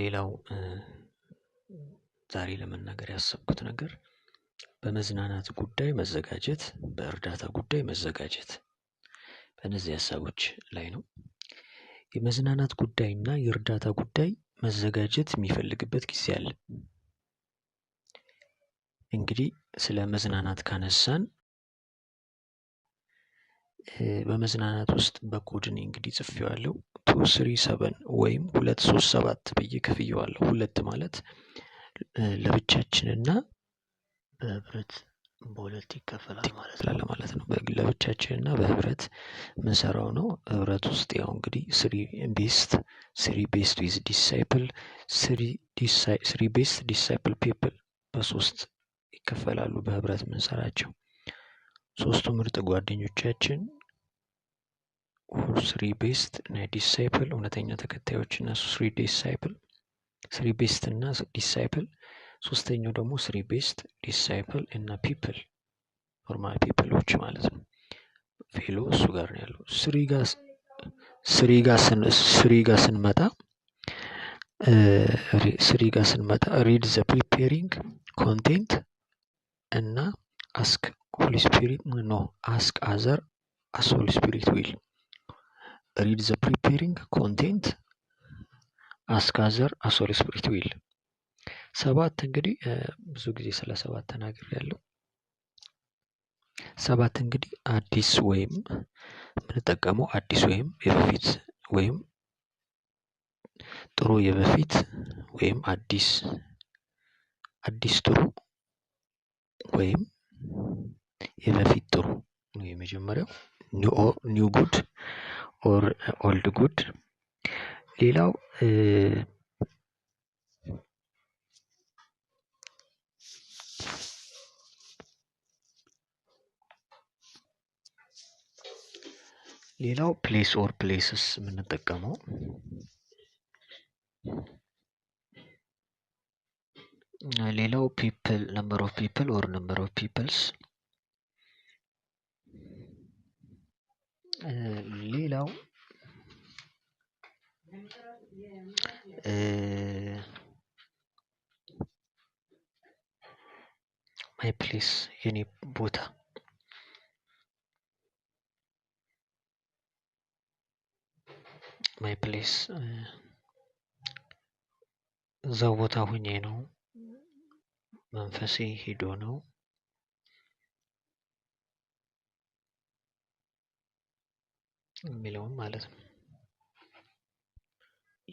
ሌላው ዛሬ ለመናገር ያሰብኩት ነገር በመዝናናት ጉዳይ መዘጋጀት በእርዳታ ጉዳይ መዘጋጀት በእነዚህ ሀሳቦች ላይ ነው። የመዝናናት ጉዳይ እና የእርዳታ ጉዳይ መዘጋጀት የሚፈልግበት ጊዜ አለ። እንግዲህ ስለ መዝናናት ካነሳን በመዝናናት ውስጥ በኮድ እኔ እንግዲህ ጽፌዋለሁ ቱ ስሪ ሰቨን ወይም ሁለት ሶስት ሰባት ብዬ ከፍየዋለሁ። ሁለት ማለት ለብቻችንና በህብረት በሁለት ይከፈላል ማለት ነው ማለት ነው። ለብቻችንና በህብረት ምንሰራው ነው። ህብረት ውስጥ ያው እንግዲህ ስሪ ቤስት ስሪ ቤስት ዊዝ ዲሳይፕል ስሪ ቤስት ዲሳይፕል ፒፕል በሶስት ይከፈላሉ። በህብረት ምንሰራቸው ሶስቱ ምርጥ ጓደኞቻችን ኦር ስሪ ቤስት እና ዲሳይፕል እውነተኛ ተከታዮች እና ስሪ ዲሳይፕል ስሪ ቤስት እና ዲሳይፕል ሶስተኛው ደግሞ ስሪ ቤስት ዲሳይፕል እና ፒፕል ኖርማል ፒፕሎች ማለት ነው ፌሎ እሱ ጋር ነው ያለው ስሪ ጋር ስንመጣ ስሪ ጋር ስንመጣ ሪድ ዘ ፕሪፔሪንግ ኮንቴንት እና አስክ ሆሊ ስፒሪት ኖ አስክ አዘር አስ ሆሊ ስፒሪት ዊል Read the preparing ኮንቴንት አስካዘር አሶር ስፕሪት ዊል ሰባት እንግዲህ ብዙ ጊዜ ስለ ሰባት ተናግር ያለው ሰባት እንግዲህ አዲስ ወይም የምንጠቀመው አዲስ ወይም የበፊት ወይም ጥሩ የበፊት ወይም አዲስ አዲስ ጥሩ ወይም የበፊት ጥሩ ነው የመጀመሪያው ኒው ጉድ ኦልድ ጉድ። ሌላው ሌላው ፕሌስ ኦር ፕሌስስ የምንጠቀመው ሌላው ፒፕል ነምበር ኦፍ ፒፕል ኦር ነምበር ኦፍ ፒፕልስ legal. Uh, please, My place, Unibuddha. My place, the water we need, Memphis, he don't know. የሚለውን ማለት ነው።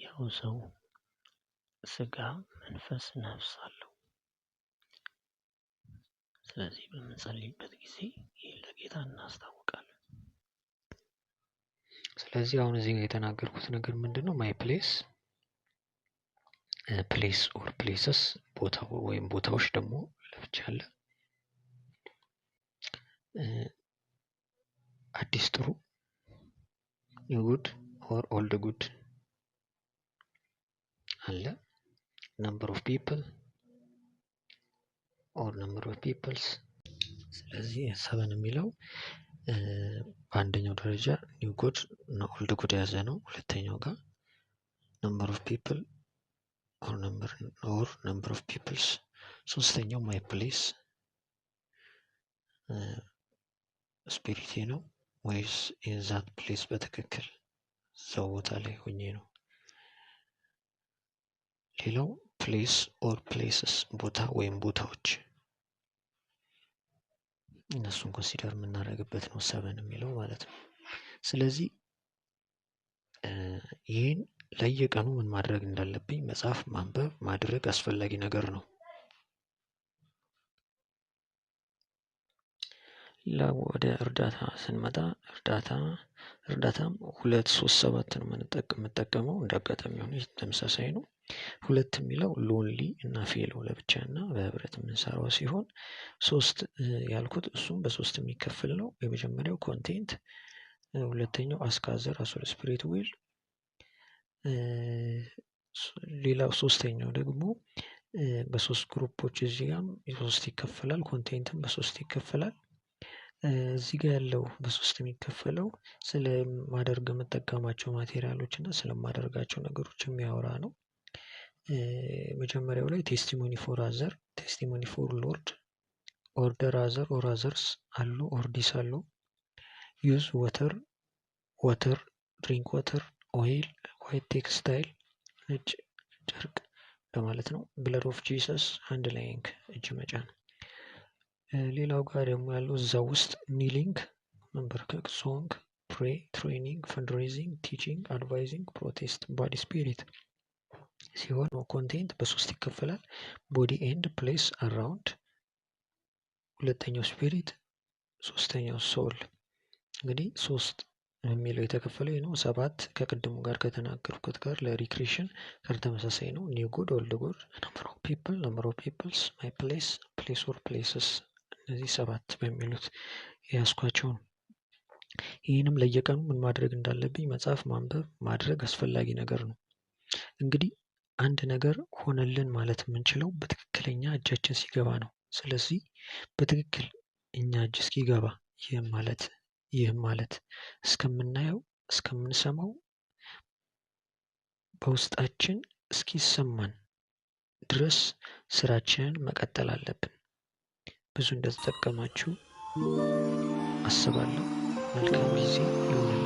ያው ሰው ስጋ፣ መንፈስ፣ ነፍስ አለው። ስለዚህ በምንጸልይበት ጊዜ ይህን ለጌታ እናስታውቃለን። ስለዚህ አሁን እዚህ ጋር የተናገርኩት ነገር ምንድን ነው? ማይ ፕሌስ ፕሌስ ኦር ፕሌስስ ቦታው ወይም ቦታዎች ደግሞ ለብቻ አለ። አዲስ ጥሩ ኒው ጉድ ኦር ኦልድ ጉድ አለ። ነምበር ኦፍ ፒፕል ኦር ነምበር ኦፍ ፒፕልስ። ስለዚህ ሰበን የሚለው በአንደኛው ደረጃ ኒው ጉድ እና ኦልድ ጉድ የያዘ ነው። ሁለተኛው ጋር ነምበር ኦፍ ፒፕል ኦር ነምበር ኦፍ ፒፕልስ። ሶስተኛው ማይ ፕሌስ ስፒሪቴ ነው። ወይስ የዛን ፕሌስ በትክክል እዛው ቦታ ላይ ሆኜ ነው? ሌላው ፕሌስ ኦር ፕሌስስ ቦታ ወይም ቦታዎች እነሱን ኮንሲደር የምናደርግበት ነው ሰበን የሚለው ማለት ነው። ስለዚህ ይህን ለየቀኑ ምን ማድረግ እንዳለብኝ መጽሐፍ ማንበብ ማድረግ አስፈላጊ ነገር ነው። ወደ እርዳታ ስንመጣ እርዳታ እርዳታም ሁለት ሶስት ሰባት ነው የምንጠቀመው እንደ አጋጣሚ ሆኖ ተመሳሳይ ነው። ሁለት የሚለው ሎንሊ እና ፌሎ ለብቻ እና በህብረት የምንሰራው ሲሆን ሶስት ያልኩት እሱም በሶስት የሚከፍል ነው። የመጀመሪያው ኮንቴንት፣ ሁለተኛው አስካዘር አሶል ስፕሪት ዊል፣ ሌላው ሶስተኛው ደግሞ በሶስት ግሩፖች እዚህ ጋም ሶስት ይከፈላል። ኮንቴንትም በሶስት ይከፈላል። እዚህ ጋር ያለው በሶስት የሚከፈለው ስለማደርግ የምጠቀማቸው ማቴሪያሎች እና ስለማደርጋቸው ነገሮች የሚያወራ ነው። መጀመሪያው ላይ ቴስቲሞኒ ፎር አዘር ቴስቲሞኒ ፎር ሎርድ ኦርደር አዘር ኦር አዘርስ አሉ ኦርዲስ አሉ ዩዝ ወተር ወተር ድሪንክ ወተር ኦይል ዋይት ቴክስታይል ነጭ ጨርቅ ለማለት ነው። ብለድ ኦፍ ጂሰስ አንድ ላይንግ እጅ መጫ ነው። ሌላው ጋር ደግሞ ያለው እዛ ውስጥ ኒሊንግ መንበርከቅ ሶንግ፣ ፕሬ፣ ትሬኒንግ፣ ፈንድሬዚንግ፣ ቲችንግ አድቫይዚንግ፣ ፕሮቴስት፣ ባዲ ስፒሪት ሲሆን ኮንቴንት በሶስት ይከፈላል። ቦዲ ኤንድ ፕሌስ አራውንድ፣ ሁለተኛው ስፒሪት፣ ሶስተኛው ሶል። እንግዲህ ሶስት የሚለው የተከፈለ ነው። ሰባት ከቅድሙ ጋር ከተናገርኩት ጋር ለሪክሬሽን ጋር ተመሳሳይ ነው። ኒው ጉድ ኦልድ ጉድ፣ ነምበር ኦፍ ፒፕል፣ ነምበር ኦፍ ፒፕልስ፣ ማይ ፕሌስ፣ ፕሌስ ኦር ፕሌስስ እነዚህ ሰባት በሚሉት የያዝኳቸው ነው። ይህንም ለየቀኑ ምን ማድረግ እንዳለብኝ መጽሐፍ ማንበብ ማድረግ አስፈላጊ ነገር ነው። እንግዲህ አንድ ነገር ሆነልን ማለት የምንችለው በትክክለኛ እጃችን ሲገባ ነው። ስለዚህ በትክክል እኛ እጅ እስኪገባ ይህም ማለት ይህም ማለት እስከምናየው እስከምንሰማው በውስጣችን እስኪሰማን ድረስ ስራችንን መቀጠል አለብን። ብዙ እንደተጠቀማችሁ አስባለሁ። መልካም ጊዜ ይሁንልን።